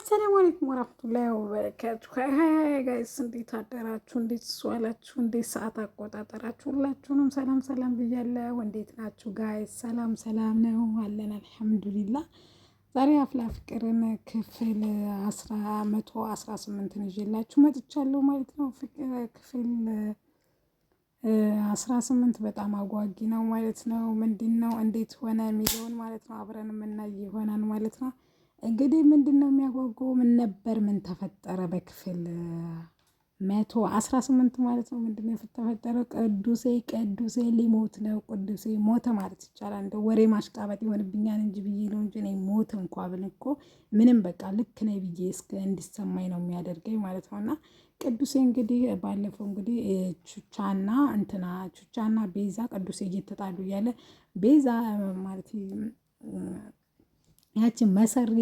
አሰላሙ አለይኩም ወራህመቱላሂ ወበረካቱ። ሀይ ጋይስ እንዴት አደራችሁ? እንዴት ዋላችሁ? እንዴት ሰዓት አቆጣጠራችሁ? ሁላችሁንም ሰላም ሰላም ብያለሁ። እንዴት ናችሁ ጋይስ? ሰላም ሰላም ነው አለን አልሐምዱሊላ። ዛሬ አፍላ ፍቅርን ክፍል አስራ መቶ አስራ ስምንትን ይዤላችሁ መጥቻለሁ ማለት ነው። ፍቅር ክፍል አስራ ስምንት በጣም አጓጊ ነው ማለት ነው። ምንድን ነው እንዴት ሆነ የሚለውን ማለት ነው አብረን የምናይ ይሆናል ማለት ነው። እንግዲህ ምንድን ነው የሚያጓጓው? ምን ነበር? ምን ተፈጠረ? በክፍል መቶ አስራ ስምንት ማለት ነው። ምንድን ነው የተፈጠረው? ቅዱሴ ቅዱሴ ሊሞት ነው። ቅዱሴ ሞተ ማለት ይቻላል። እንደ ወሬ ማሽቃበጥ ይሆንብኛል እንጂ ብዬ ነው እንጂ እኔ ሞት እንኳ ብል እኮ ምንም በቃ ልክ ነኝ ብዬ እስከ እንዲሰማኝ ነው የሚያደርገኝ ማለት ነው እና ቅዱሴ እንግዲህ ባለፈው እንግዲህ ቹቻና እንትና ቹቻና ቤዛ ቅዱሴ እየተጣሉ እያለ ቤዛ ማለት ያችን መሰሪ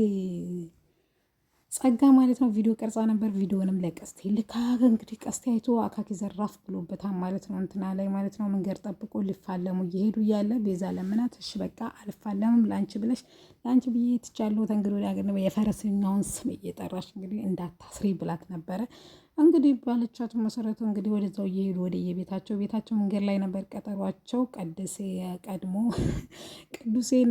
ጸጋ ማለት ነው ቪዲዮ ቀርጻ ነበር። ቪዲዮንም ለቀስቴ ልካ እንግዲህ ቀስቴ አይቶ አካኪ ዘራፍ ብሎበታል ማለት ነው። እንትና ላይ ማለት ነው መንገድ ጠብቆ ሊፋለሙ እየሄዱ እያለ ቤዛ ለምናት፣ እሺ በቃ አልፋለምም ለአንቺ ብለሽ ለአንቺ ብዬ ትቻለሁ ተንግዶ ያገ የፈረሰኛውን ስም እየጠራሽ እንግዲህ እንዳታስሪ ብላት ነበረ። እንግዲህ ባለቻቸው መሰረቱ እንግዲህ ወደዛው እየሄዱ ወደ የቤታቸው ቤታቸው መንገድ ላይ ነበር ቀጠሯቸው። ቀደሴ ቀድሞ ቅዱሴን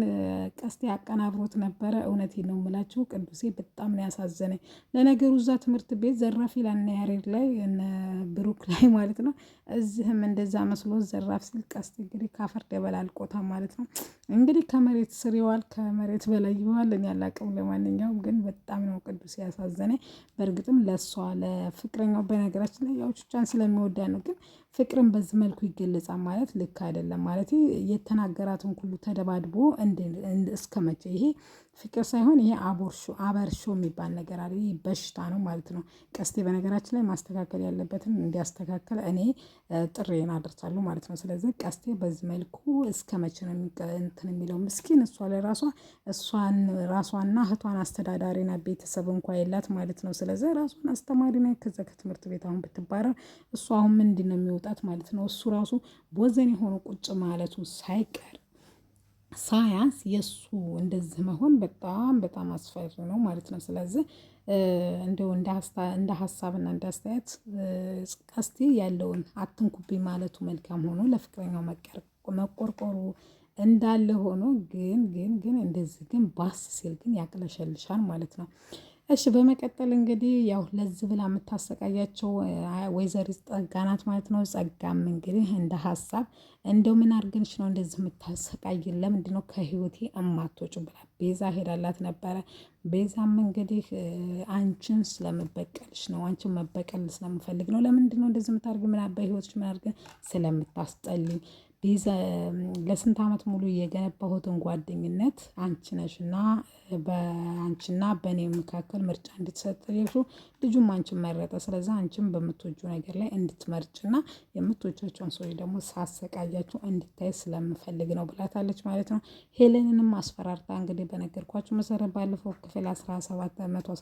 ቀስቴ አቀናብሮት ነበረ። እውነት ነው የምላችሁ ቅዱሴ በጣም ነው ያሳዘነኝ። ለነገሩ እዛ ትምህርት ቤት ዘራፊ ላና ያሬድ ላይ ብሩክ ላይ ማለት ነው እዚህም እንደዛ መስሎ ዘራፍ ሲል ቀስት እንግዲህ ካፈር ደበላልቆታ ማለት ነው። እንግዲህ ከመሬት ስር ይዋል ከመሬት በላይ ይዋል እኔ አላቅም። ለማንኛውም ግን በጣም ነው ቅዱስ ያሳዘነ። በእርግጥም ለእሷ ለፍቅረኛው በነገራችን ላይ ያው ቹቻን ስለሚወዳ ነው። ግን ፍቅርን በዚህ መልኩ ይገለጻል ማለት ልክ አይደለም ማለት የተናገራትን ሁሉ ተደባድቦ እስከመቼ ይሄ ፍቅር ሳይሆን ይሄ አቦርሾ አበርሾ የሚባል ነገር አለ። ይህ በሽታ ነው ማለት ነው። ቀስቴ በነገራችን ላይ ማስተካከል ያለበትን እንዲያስተካከል እኔ ጥሬን አደርሳለሁ ማለት ነው። ስለዚህ ቀስቴ በዚህ መልኩ እስከ መቼ ነው እንትን የሚለው ምስኪን፣ እሷ ለራሷ እሷን ራሷና እህቷን አስተዳዳሪና ቤተሰብ እንኳ የላት ማለት ነው። ስለዚህ ራሷን አስተማሪ ከዛ ከትምህርት ቤት አሁን ብትባረር እሷ አሁን ምንድን ነው የሚወጣት ማለት ነው። እሱ ራሱ ቦዘን የሆነ ቁጭ ማለቱ ሳይቀር ሳያንስ የእሱ እንደዚህ መሆን በጣም በጣም አስፈሪ ነው ማለት ነው። ስለዚህ እንደው እንደ ሀሳብና እንደ አስተያየት ቀስቲ ያለውን አትንኩብኝ ማለቱ መልካም ሆኖ ለፍቅረኛው መቆርቆሩ እንዳለ ሆኖ ግን ግን ግን እንደዚህ ግን ባስ ሲል ግን ያቅለሸልሻል ማለት ነው። እሺ በመቀጠል እንግዲህ ያው ለዚህ ብላ የምታሰቃያቸው ወይዘሪት ጸጋ ናት ማለት ነው። ጸጋም እንግዲህ እንደ ሀሳብ እንደው ምን አድርገንሽ ነው እንደዚህ የምታሰቃይ ለምንድን ነው ከህይወቴ እማትወጭ ብላ ቤዛ ሄዳላት ነበረ። ቤዛም እንግዲህ አንቺን ስለምበቀልሽ ነው፣ አንቺን መበቀል ስለምፈልግ ነው። ለምንድን ነው እንደዚህ የምታደርግ? ምን በህይወትሽ ምን አድርገን ስለምታስጠልኝ ለስንት ዓመት ሙሉ የገነባሁትን ጓደኝነት አንቺ ነሽና በአንቺና በእኔ መካከል ምርጫ እንድትሰጥልሽ ልጁም አንቺን መረጠ። ስለዚ አንቺም በምትወጁ ነገር ላይ እንድትመርጭና የምትወጃቸውን ሰዎች ደግሞ ሳሰቃያቸው እንድታይ ስለምፈልግ ነው ብላታለች ማለት ነው። ሄለንንም አስፈራርታ እንግዲህ በነገርኳቸው መሰረት ባለፈው ክፍል አስራ መቶ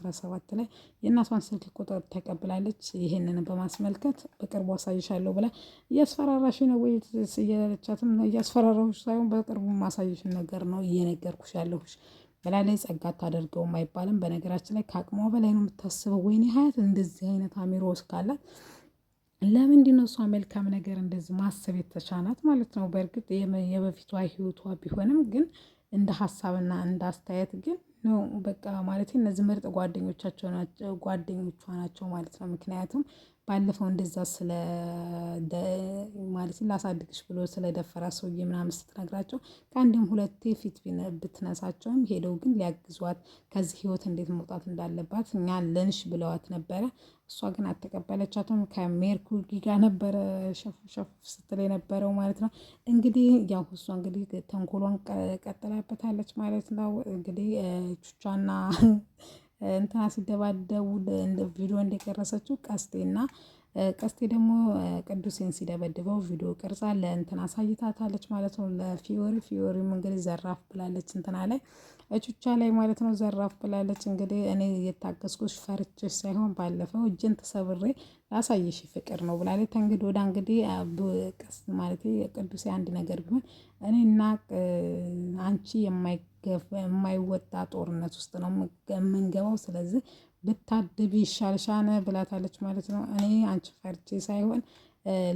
ላይ የእናቷን ስልክ ቁጥር ተቀብላለች። ይህንን በማስመልከት በቅርቡ አሳይሻለሁ ብላ እያስፈራራሽ ነው ወይ እያለቻትም እያስፈራራሁሽ ሳይሆን በቅርቡ ማሳይሽ ነገር ነው እየነገርኩሽ ያለሁሽ በላይ ላይ ጸጋ አታደርገውም አይባልም። በነገራችን ላይ ከአቅሟ በላይ ነው የምታስበው። ወይኔ ሀያት እንደዚህ አይነት አሚሮ እስካላት ለምንድን ነው እሷ መልካም ነገር እንደዚህ ማሰብ የተቻናት ማለት ነው? በእርግጥ የበፊቷ ህይወቷ ቢሆንም ግን እንደ ሀሳብና እንደ አስተያየት ግን በቃ ማለት እነዚህ ምርጥ ጓደኞቻቸው ናቸው ጓደኞቿ ናቸው ማለት ነው ምክንያቱም ባለፈው እንደዛ ስለ ማለት ላሳድግሽ ብሎ ስለደፈራ ሰውዬ ምናምን ስትነግራቸው ከአንድም ሁለቴ ፊት ብትነሳቸውም ሄደው ግን ሊያግዟት ከዚህ ህይወት እንዴት መውጣት እንዳለባት እኛ ልንሽ ብለዋት ነበረ። እሷ ግን አልተቀበለቻትም። ከሜርኩሪ ጋር ነበረ ሸፍ ሸፍ ስትል የነበረው ማለት ነው። እንግዲህ ያው እሷ እንግዲህ ተንኮሏን ቀጥላበታለች ማለት ነው። እንግዲህ ቹቻና እንትና ሲደባደቡ ቪዲዮ እንደቀረሰችው ቀስቴና ቀስቴ ደግሞ ቅዱሴን ሲደበድበው ቪዲዮ ቅርጻ ለእንትና አሳይታታለች ማለት ነው። ለፊዮሪ ፊዮሪ መንገድ ዘራፍ ብላለች እንትና ላይ እቹቻ ላይ ማለት ነው ዘራፍ ብላለች። እንግዲህ እኔ እየታገስኩሽ ፈርቼሽ ሳይሆን ባለፈው እጅን ተሰብሬ ላሳየሽ ፍቅር ነው ብላለች። እንግዲህ ወደ እንግዲህ ቅስ ማለት ቅዱሴ አንድ ነገር ቢሆን እኔና አንቺ የማይወጣ ጦርነት ውስጥ ነው የምንገባው። ስለዚህ ብታድቢ ይሻልሻነ ብላታለች ማለት ነው። እኔ አንቺ ፈርቼ ሳይሆን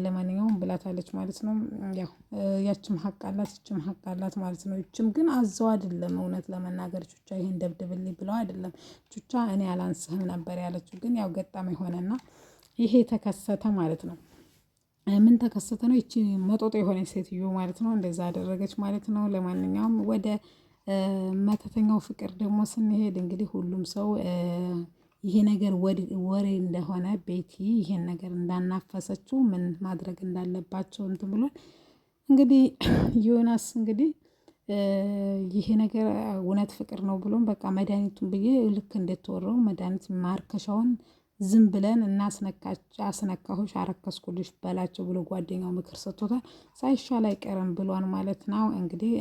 ለማንኛውም ብላታለች ማለት ነው። ያው ያችም ሀቅ አላት ይችም ሀቅ አላት ማለት ነው። ይችም ግን አዘው አይደለም እውነት ለመናገር ቹቻ ይህን ደብድብልኝ ብለው አይደለም ቹቻ እኔ አላንስህም ነበር ያለችው። ግን ያው ገጣሚ ሆነና ይሄ ተከሰተ ማለት ነው። ምን ተከሰተ ነው? ይቺ መጦጦ የሆነ ሴትዮ ማለት ነው እንደዛ አደረገች ማለት ነው። ለማንኛውም ወደ መተተኛው ፍቅር ደግሞ ስንሄድ እንግዲህ ሁሉም ሰው ይሄ ነገር ወሬ እንደሆነ ቤቲ ይሄን ነገር እንዳናፈሰችው ምን ማድረግ እንዳለባቸው እንትን ብሏል። እንግዲህ ዮናስ እንግዲህ ይሄ ነገር እውነት ፍቅር ነው ብሎም በቃ መድኃኒቱን ብዬ ልክ እንደተወረው መድኃኒት ማርከሻውን ዝም ብለን እና አስነካሁሽ አረከስኩልሽ በላቸው ብሎ ጓደኛው ምክር ሰጥቶታል። ሳይሻል አይቀርም ብሏን ማለት ነው እንግዲህ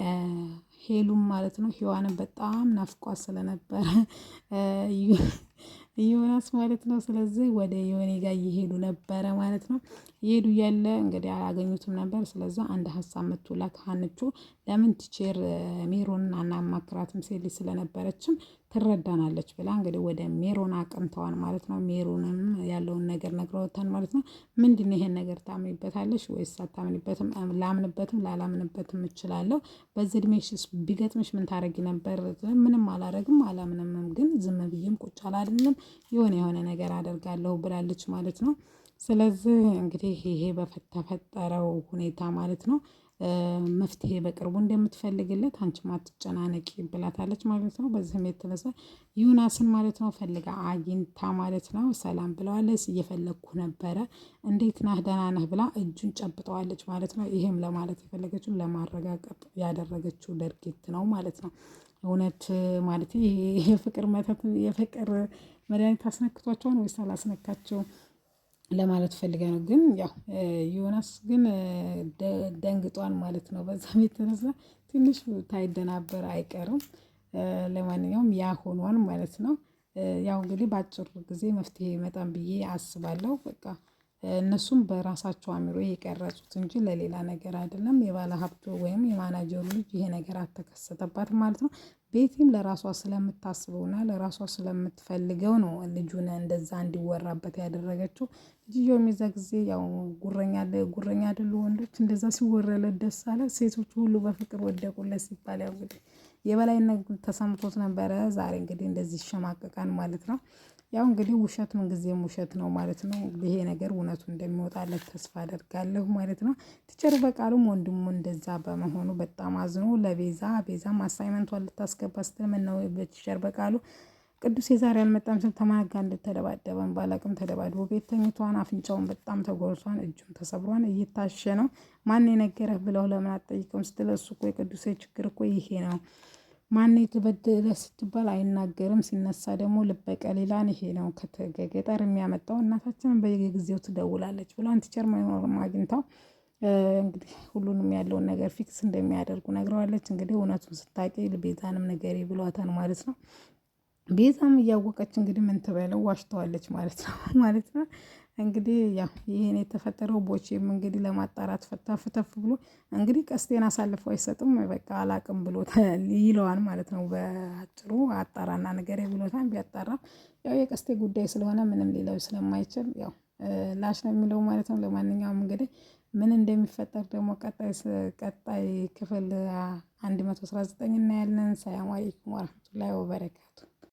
ሄሉም ማለት ነው ህዋንም በጣም ናፍቋ ስለነበረ ዮናስ ማለት ነው። ስለዚህ ወደ ዮኔ ጋር እየሄዱ ነበረ ማለት ነው። እየሄዱ እያለ እንግዲህ አላገኙትም ነበር። ስለዚህ አንድ ሀሳብ መቶላት ሀንቹ ለምን ቲቼር ሜሮን አናማክራትም ሴት ስለነበረችም ትረዳናለች ብላ እንግዲህ ወደ ሜሮን አቅንተዋል ማለት ነው። ሜሮንም ያለውን ነገር ነግረውታል ማለት ነው። ምንድን ይሄን ነገር ታምኒበታለሽ ወይስ አታምኒበትም? ላምንበትም ላላምንበትም እችላለሁ። በዚህ እድሜሽስ ቢገጥምሽ ምን ታደረጊ ነበር? ምንም አላረግም፣ አላምንምም፣ ግን ዝም ብዬም ቁጭ አላልንም፣ የሆነ የሆነ ነገር አደርጋለሁ ብላለች ማለት ነው። ስለዚህ እንግዲህ ይሄ በተፈጠረው ሁኔታ ማለት ነው መፍትሄ በቅርቡ እንደምትፈልግለት አንቺም አትጨናነቂ ብላታለች ማለት ነው። በዚህም የተነሳ ዩናስን ማለት ነው ፈልጋ አግኝታ ማለት ነው ሰላም ብለዋለች። እየፈለግኩ ነበረ እንዴት ነህ ደህና ነህ ብላ እጁን ጨብጠዋለች ማለት ነው። ይህም ለማለት የፈለገችው ለማረጋገጥ ያደረገችው ድርጊት ነው ማለት ነው። እውነት ማለት የፍቅር መተት የፍቅር መድኃኒት አስነክቷቸውን ወይስ አላስነካቸውም? ለማለት ፈልገ ነው። ግን ያው ዮናስ ግን ደንግጧን ማለት ነው። በዛም የተነሳ ትንሽ ታይደናበር አይቀርም። ለማንኛውም ያ ሆኗን ማለት ነው። ያው እንግዲህ በአጭሩ ጊዜ መፍትሄ ይመጣን ብዬ አስባለሁ። በቃ እነሱም በራሳቸው አእምሮ የቀረጹት እንጂ ለሌላ ነገር አይደለም። የባለ የባለሀብቱ ወይም የማናጀሩ ልጅ ይሄ ነገር አልተከሰተባት ማለት ነው። ቤቲም ለራሷ ስለምታስበውና ለራሷ ስለምትፈልገው ነው ልጁን እንደዛ እንዲወራበት ያደረገችው። ልጅየው የሚዛ ጊዜ ያው ጉረኛ ጉረኛ አይደሉ ወንዶች እንደዛ ሲወረለት ደስ አለ። ሴቶቹ ሁሉ በፍቅር ወደቁለት ሲባል ያው እንግዲህ የበላይነት ተሰምቶት ነበረ። ዛሬ እንግዲህ እንደዚህ ይሸማቀቃል ማለት ነው። ያው እንግዲህ ውሸት ምንጊዜም ውሸት ነው ማለት ነው። ይሄ ነገር እውነቱ እንደሚወጣለት ተስፋ አደርጋለሁ ማለት ነው። ቲቸር በቃሉም ወንድሙ እንደዛ በመሆኑ በጣም አዝኖ ለቤዛ ቤዛም አሳይመንቷን ልታስገባ ስትል ምነው በቲቸር በቃሉ ቅዱስ የዛሬ አልመጣም ስል ተማጋ እንደተደባደበን ባላቅም ተደባድቦ ቤት ተኝቷን አፍንጫውን በጣም ተጎርሷን እጁም ተሰብሯን እየታሸ ነው። ማን የነገረህ ብለው ለምን አትጠይቅም ስትል እሱ እኮ የቅዱሴ ችግር እኮ ይሄ ነው ማን የተበደለ ስትባል አይናገርም። ሲነሳ ደግሞ ልበቀሌላን ይሄ ነው ከገጠር የሚያመጣው እናታችንን በየጊዜው ትደውላለች ብሏን ቲቸር ማይኖርም አግኝታው እንግዲህ ሁሉንም ያለውን ነገር ፊክስ እንደሚያደርጉ ነግረዋለች። እንግዲህ እውነቱን ስታቂ ቤዛንም ንገሪ ብሏታን ማለት ነው። ቤዛም እያወቀች እንግዲህ ምን ትበለው ዋሽተዋለች ማለት ነው ማለት ነው። እንግዲህ ያው ይህን የተፈጠረው ቦቼም እንግዲህ ለማጣራት ፈታፍተፍ ብሎ እንግዲህ ቀስቴን አሳልፎ አይሰጥም፣ በቃ አላቅም ብሎ ይለዋል ማለት ነው። በአጭሩ አጣራና ነገር ብሎታል። ቢያጣራም ያው የቀስቴ ጉዳይ ስለሆነ ምንም ሌላው ስለማይችል ያው ላሽ ነው የሚለው ማለት ነው። ለማንኛውም እንግዲህ ምን እንደሚፈጠር ደግሞ ቀጣይ ክፍል 119 እናያለን። ሰላም አለይኩም ወረህመቱላሂ ወበረካቱ።